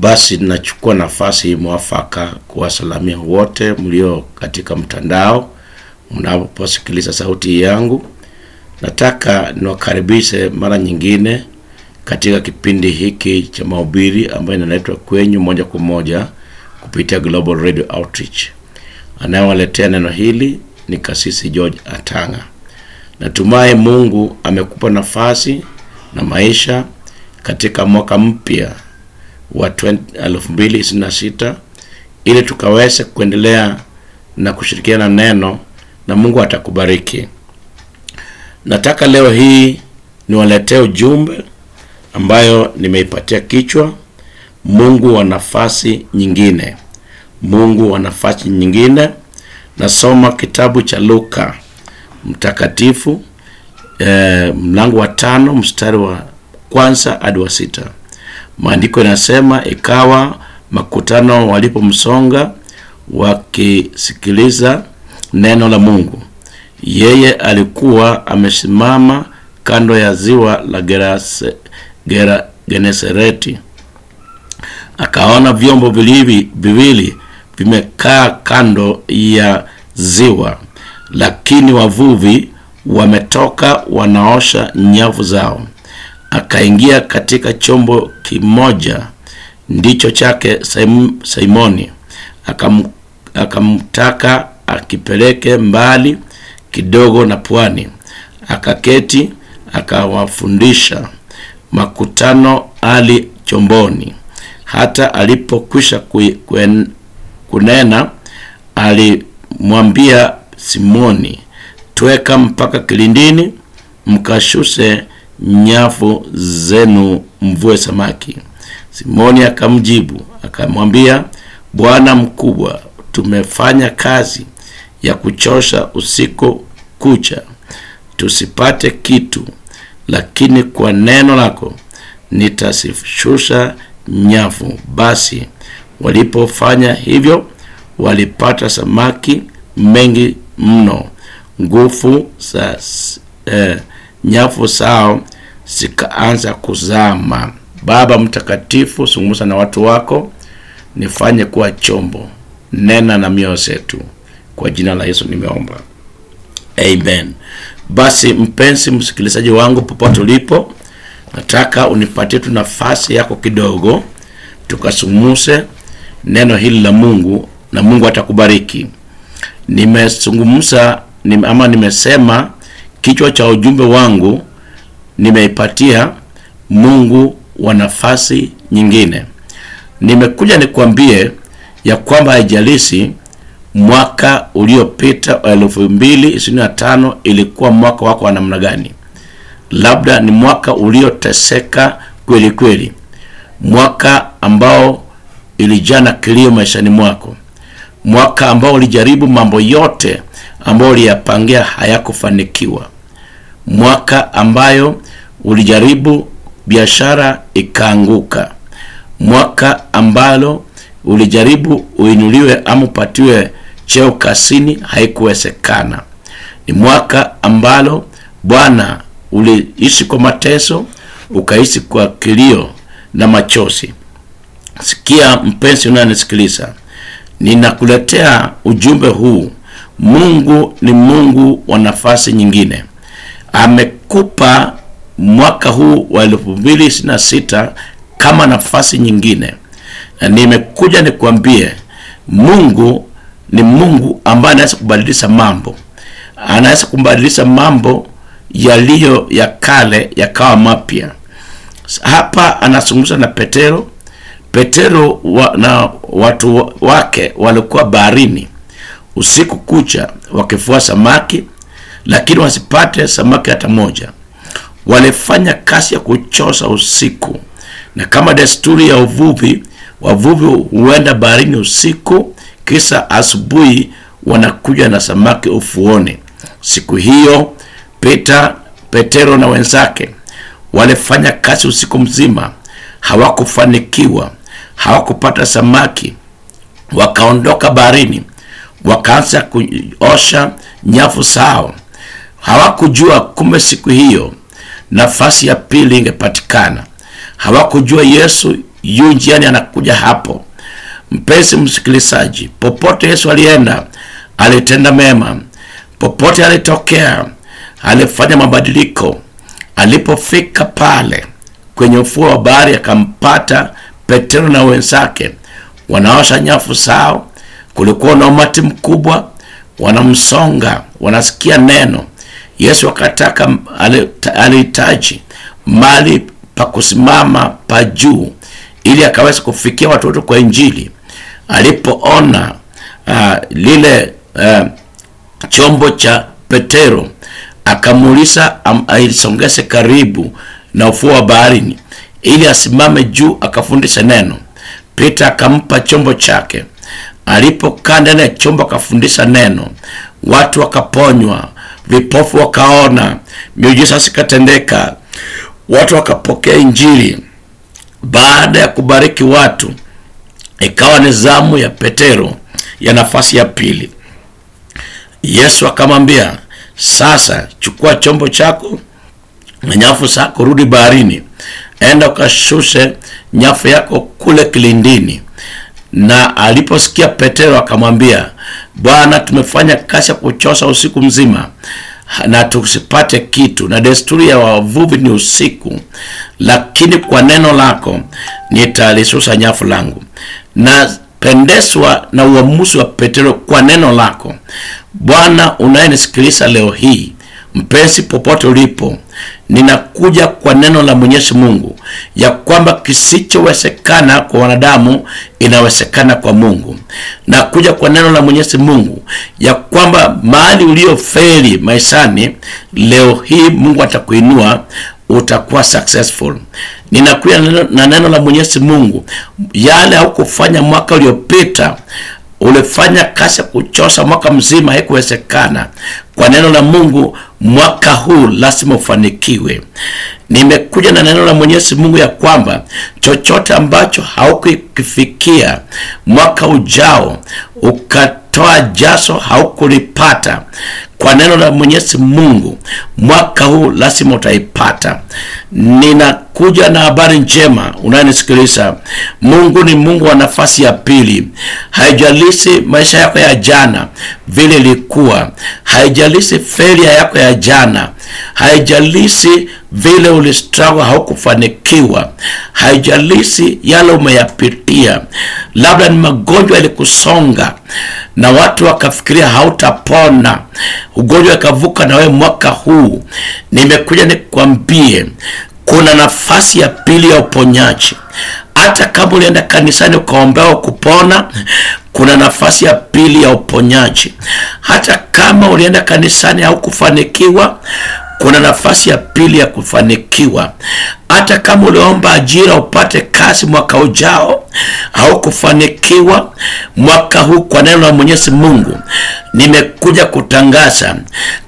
Basi nachukua nafasi hii mwafaka kuwasalamia wote mlio katika mtandao mnaposikiliza sauti yangu. Nataka niwakaribishe mara nyingine katika kipindi hiki cha maubiri ambayo inaletwa kwenyu moja kwa moja kupitia Global Radio Outreach. Anayewaletea neno hili ni Kasisi George Atanga. natumaye Mungu amekupa nafasi na maisha katika mwaka mpya wa 2026 ili tukaweze kuendelea na kushirikiana neno na Mungu atakubariki. Nataka leo hii niwaletee ujumbe ambayo nimeipatia kichwa Mungu wa nafasi nyingine. Mungu wa nafasi nyingine. Nasoma kitabu cha Luka mtakatifu eh, mlango wa tano mstari wa kwanza hadi wa sita. Maandiko yanasema ikawa makutano walipomsonga wakisikiliza neno la Mungu, yeye alikuwa amesimama kando ya ziwa la Gerase, Gera, Genesareti akaona vyombo vilivi viwili vimekaa kando ya ziwa, lakini wavuvi wametoka wanaosha nyavu zao akaingia katika chombo kimoja ndicho chake Simoni, akam, akamtaka akipeleke mbali kidogo na pwani. Akaketi akawafundisha makutano ali chomboni. Hata alipokwisha kunena, alimwambia Simoni, tweka mpaka kilindini, mkashuse nyafu zenu mvue samaki. Simoni akamjibu akamwambia, Bwana mkubwa, tumefanya kazi ya kuchosha usiku kucha, tusipate kitu, lakini kwa neno lako nitasishusha nyavu. Basi walipofanya hivyo, walipata samaki mengi mno, nguvu za eh, nyafu zao zikaanza kuzama. Baba Mtakatifu, zungumza na watu wako, nifanye kuwa chombo, nena na mioyo zetu. Kwa jina la Yesu nimeomba, amen. Basi mpenzi msikilizaji wangu, popote ulipo, nataka unipatie tu nafasi yako kidogo, tukasungumze neno hili la Mungu na Mungu atakubariki. Nimesungumza nime, ama nimesema Kichwa cha ujumbe wangu nimeipatia Mungu wa nafasi nyingine. Nimekuja nikwambie ya kwamba haijalisi mwaka uliopita wa 2025 ilikuwa mwaka wako wa namna gani. Labda ni mwaka ulioteseka kweli kweli, mwaka ambao ilijaa na kilio maishani mwako, mwaka ambao ulijaribu mambo yote ambayo uliyapangia hayakufanikiwa, mwaka ambayo ulijaribu biashara ikaanguka, mwaka ambalo ulijaribu uinuliwe ama upatiwe cheo kasini haikuwezekana. Ni mwaka ambalo Bwana uliishi kwa mateso, ukaishi kwa kilio na machozi. Sikia mpenzi unayenisikiliza, ninakuletea ujumbe huu. Mungu ni Mungu wa nafasi nyingine amekupa mwaka huu wa sita kama nafasi nyingine, na nimekuja nikuambie, Mungu ni Mungu ambaye anaweza kubadilisha mambo, anaweza kubadilisha mambo yaliyo ya kale yakawa mapya. Hapa anazungumza na Petero. Petero wa, na watu wake walikuwa baharini usiku kucha wakifua samaki lakini wasipate samaki hata moja. Walifanya kazi ya kuchosa usiku, na kama desturi ya uvuvi, wavuvi huenda baharini usiku, kisa asubuhi wanakuja na samaki ufuoni. Siku hiyo peta Petero na wenzake walifanya kazi usiku mzima, hawakufanikiwa, hawakupata samaki. Wakaondoka baharini, wakaanza kuosha nyavu zao Hawakujua kumbe siku hiyo nafasi ya pili ingepatikana. Hawakujua Yesu yu njiani anakuja hapo. Mpenzi msikilizaji, popote Yesu alienda alitenda mema, popote alitokea alifanya mabadiliko. Alipofika pale kwenye ufuo wa bahari, akampata Petero na wenzake wanaosha nyafu zao. Kulikuwa na umati mkubwa, wanamsonga, wanasikia neno Yesu akataka, alihitaji mali pa kusimama pa juu ili akaweza kufikia watoto kwa Injili. Alipoona uh, lile uh, chombo cha Petero akamuuliza aisongeze karibu na ufuo wa baharini ili asimame juu akafundishe neno. Petro akampa chombo chake. Alipokaa ndani ya chombo akafundisha neno, watu wakaponywa, vipofu wakaona, miujiza sikatendeka, watu wakapokea Injili. Baada ya kubariki watu, ikawa ni zamu ya Petero ya nafasi ya pili. Yesu akamwambia, sasa chukua chombo chako na nyafu zako, rudi baharini, enda ukashushe nyafu yako kule kilindini na aliposikia Petero akamwambia, Bwana, tumefanya kazi ya kuchosha usiku mzima na tusipate kitu, na desturi ya wavuvi ni usiku, lakini kwa neno lako nitalisusa nyavu langu. Napendezwa na uamuzi wa Petero kwa neno lako. Bwana unayenisikiliza leo hii, Mpenzi, popote ulipo, ninakuja kwa neno la Mwenyezi Mungu ya kwamba kisichowezekana kwa wanadamu inawezekana kwa Mungu. Nakuja kwa neno la Mwenyezi Mungu ya kwamba mahali uliofeli maishani, leo hii Mungu atakuinua utakuwa successful. Ninakuja na neno la Mwenyezi Mungu, yale haukufanya mwaka uliopita ulifanya kazi ya kuchosa mwaka mzima, haikuwezekana. Kwa neno la Mungu mwaka huu lazima ufanikiwe. Nimekuja na neno la Mwenyezi Mungu ya kwamba chochote ambacho haukukifikia mwaka ujao ukatoa jaso haukulipata kwa neno la Mwenyezi Mungu, mwaka huu lazima utaipata. Ninakuja na habari njema, unayenisikiliza. Mungu ni Mungu wa nafasi ya pili. haijalisi maisha yako ya jana vile ilikuwa, haijalisi failure yako ya jana, haijalisi vile ulistruggle haukufanikiwa, haijalisi yale umeyapitia, labda ni magonjwa yalikusonga na watu wakafikiria hautapona ugonjwa ikavuka na wewe mwaka huu, nimekuja nikwambie kuna nafasi ya pili ya uponyaji. Hata kama ulienda kanisani ukaombewa kupona, kuna nafasi ya pili ya uponyaji. Hata kama ulienda kanisani au kufanikiwa kuna nafasi ya pili ya kufanikiwa. Hata kama uliomba ajira upate kazi mwaka ujao, au kufanikiwa mwaka huu, kwa neno la Mwenyezi Mungu nimekuja kutangaza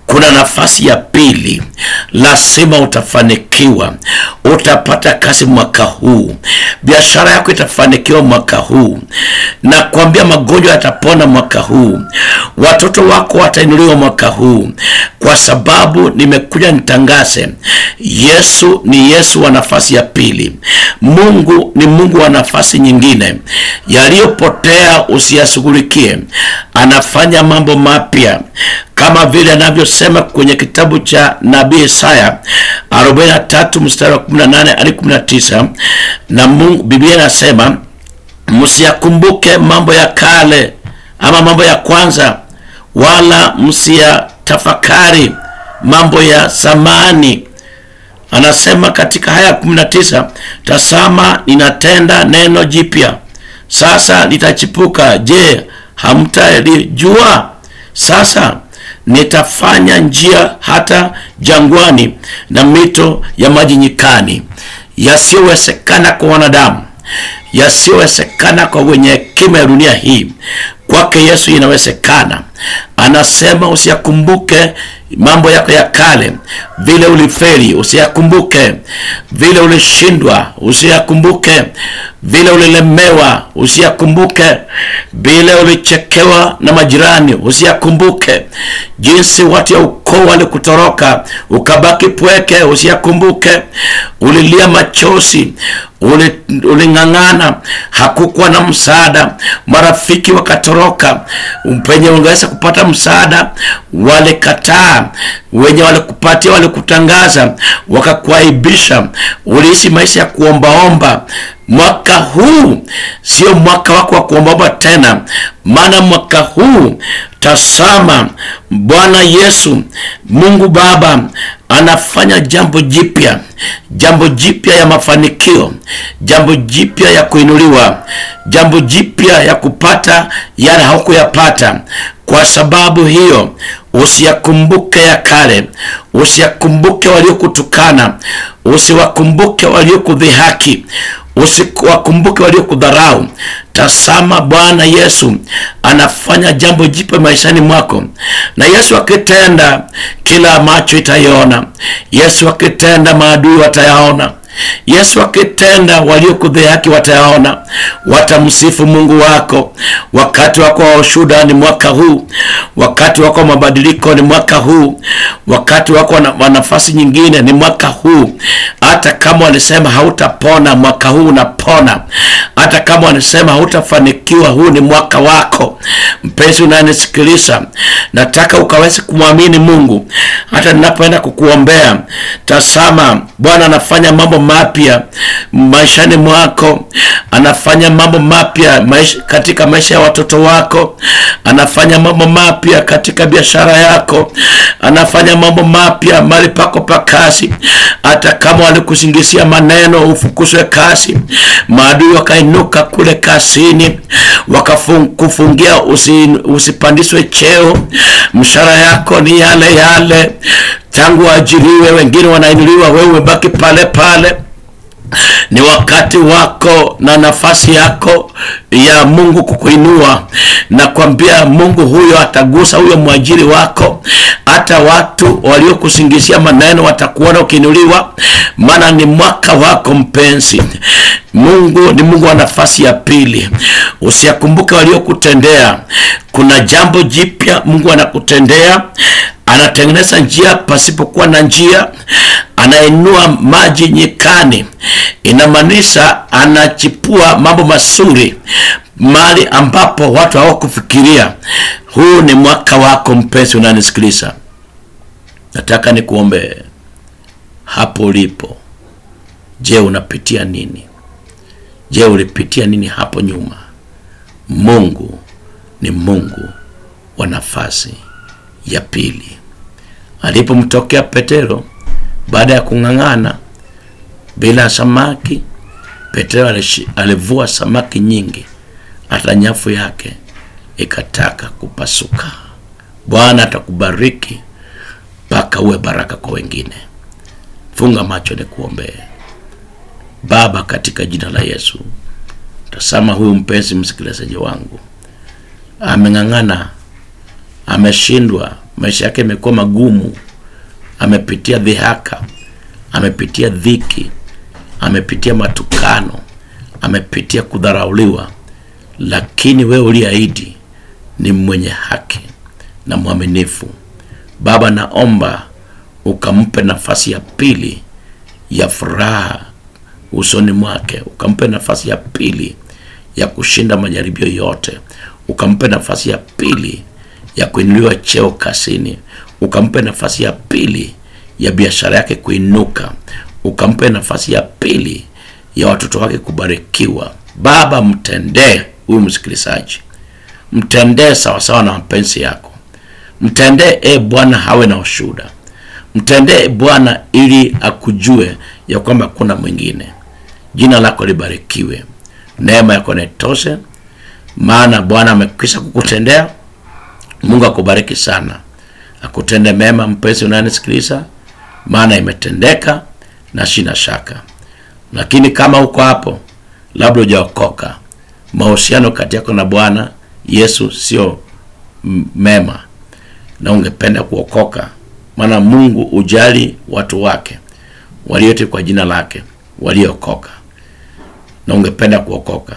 kuna nafasi ya pili, lazima utafanikiwa. Utapata kazi mwaka huu, biashara yako itafanikiwa mwaka huu, na kuambia magonjwa yatapona mwaka huu, watoto wako watainuliwa mwaka huu, kwa sababu nimekuja nitangaze, Yesu ni Yesu wa nafasi ya pili. Mungu ni Mungu wa nafasi nyingine. Yaliyopotea usiyashughulikie, anafanya mambo mapya kama vile anavyosema kwenye kitabu cha nabii Isaya 43 mstari wa 18 hadi 19, na Mungu, Biblia inasema msiyakumbuke mambo ya kale ama mambo ya kwanza, wala msiya tafakari mambo ya samani Anasema katika haya 19, tasama ninatenda neno jipya sasa litachipuka, je, hamtalijua? Sasa nitafanya njia hata jangwani na mito ya maji nyikani, yasiyowezekana kwa wanadamu yasiyowezekana kwa wenye hekima ya dunia hii, kwake Yesu inawezekana. Anasema usiyakumbuke mambo yako ya kale, vile ulifeli, usiyakumbuke vile ulishindwa, usiyakumbuke vile ulilemewa, usiyakumbuke vile ulichekewa na majirani, usiyakumbuke jinsi watu ya ukoo walikutoroka ukabaki pweke, usiyakumbuke ulilia machozi, uling'ang'ana sana, hakukuwa na msaada, marafiki wakatoroka. Penye ungeweza kupata msaada, walikataa. Wenye walikupatia walikutangaza, wakakuaibisha. Uliishi maisha ya kuombaomba. Mwaka huu sio mwaka wako wa kuombaomba tena maana mwaka huu tasama, Bwana Yesu Mungu Baba anafanya jambo jipya, jambo jipya ya mafanikio, jambo jipya ya kuinuliwa, jambo jipya ya kupata yale haukuyapata. Kwa sababu hiyo, usiyakumbuke ya kale, usiyakumbuke waliokutukana, usiwakumbuke waliokudhihaki, usiwakumbuke waliokudharau Tazama, Bwana Yesu anafanya jambo jipya maishani mwako, na Yesu akitenda, kila macho itaiona. Yesu akitenda, maadui watayaona. Yesu akitenda, waliokudhihaki watayaona, watamsifu Mungu wako. Wakati wako wa ushuhuda ni mwaka huu, wakati wako wa mabadiliko ni mwaka huu, wakati wako wa nafasi nyingine ni mwaka huu. Hata kama walisema hautapona, mwaka huu unapona hata kama wanasema hutafanikiwa, huu ni mwaka wako. Mpenzi unanisikiliza, nataka ukaweze kumwamini Mungu hata ninapoenda kukuombea. Tazama, Bwana anafanya mambo mapya maishani mwako, anafanya mambo mapya katika maisha ya watoto wako, anafanya mambo mapya katika biashara yako, anafanya mambo mapya mahali pako pa kazi hata kama walikusingisia maneno ufukuzwe kazi, maadui wakainuka kule kazini wakakufungia usi, usipandishwe cheo, mshahara yako ni yale yale tangu waajiriwe, wengine wanainuliwa, wewe umebaki pale pale. Ni wakati wako na nafasi yako ya Mungu kukuinua na kwambia Mungu huyo atagusa, huyo mwajiri wako, hata watu waliokusingizia maneno watakuona ukiinuliwa, maana ni mwaka wako mpenzi. Mungu ni Mungu wa nafasi ya pili. Usiyakumbuke waliokutendea. Kuna jambo jipya Mungu anakutendea, anatengeneza njia pasipokuwa na njia anainua maji nyikani, inamaanisha anachipua mambo mazuri mali ambapo watu hawakufikiria. Huu ni mwaka wako, mpenzi unanisikiliza, nataka nikuombee hapo ulipo. Je, unapitia nini? Je, ulipitia nini hapo nyuma? Mungu ni Mungu wa nafasi ya pili. Alipomtokea Petero baada ya kung'ang'ana bila samaki, Petero alivua samaki nyingi, hata nyafu yake ikataka kupasuka. Bwana atakubariki mpaka uwe baraka kwa wengine. Funga macho ni kuombee. Baba, katika jina la Yesu, tazama huyu mpenzi msikilizaji wangu ameng'ang'ana, ameshindwa, maisha yake imekuwa magumu amepitia dhihaka, amepitia dhiki, amepitia matukano, amepitia kudharauliwa, lakini wewe uliahidi ni mwenye haki na mwaminifu. Baba, naomba ukampe nafasi ya pili ya furaha usoni mwake, ukampe nafasi ya pili ya kushinda majaribio yote, ukampe nafasi ya pili ya kuinuliwa cheo kasini, ukampe nafasi ya pili ya biashara yake kuinuka, ukampe nafasi ya pili ya watoto wake kubarikiwa. Baba, mtendee huyu msikilizaji, mtendee sawasawa na mapenzi yako, mtendee e Bwana, hawe na ushuhuda, mtendee e Bwana ili akujue ya kwamba kuna mwingine. Jina lako libarikiwe, neema yako naitoshe, maana Bwana amekwisha kukutendea. Mungu akubariki sana akutende mema, mpenzi unanisikiliza, maana imetendeka na shina shaka. Lakini kama uko hapo, labda hujaokoka, mahusiano kati yako na Bwana Yesu sio mema na ungependa kuokoka, maana Mungu ujali watu wake waliote kwa jina lake waliokoka, na ungependa kuokoka,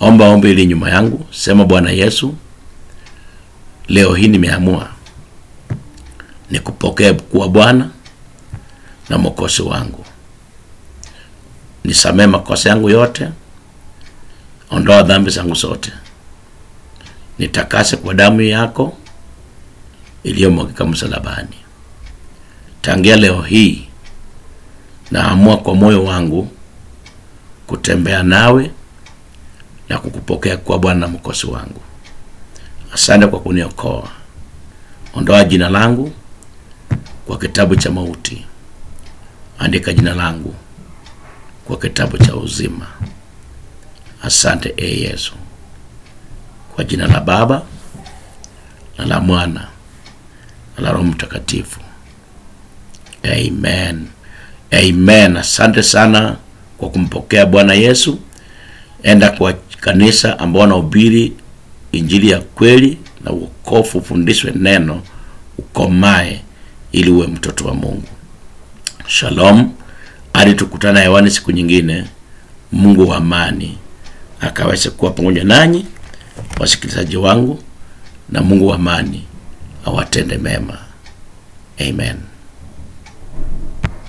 omba ombi ili nyuma yangu, sema: Bwana Yesu, leo hii nimeamua nikupokee kuwa Bwana na mwokozi wangu, nisamee makosa yangu yote, ondoa dhambi zangu zote, nitakase kwa damu yako iliyomwagika msalabani. Tangia leo hii naamua kwa moyo wangu kutembea nawe na kukupokea kuwa Bwana na mwokozi wangu. Asante kwa kuniokoa, ondoa jina langu kwa kitabu cha mauti, andika jina langu kwa kitabu cha uzima. Asante e Yesu, kwa jina la Baba na la Mwana na la Roho Mtakatifu. Amen, amen. Asante sana kwa kumpokea Bwana Yesu. Enda kwa kanisa ambao wanahubiri injili ya kweli na uokofu, ufundishwe neno, ukomae ili uwe mtoto wa Mungu. Shalom, hadi tukutana hewani siku nyingine. Mungu wa amani akaweze kuwa pamoja nanyi wasikilizaji wangu, na Mungu wa amani awatende mema. Amen.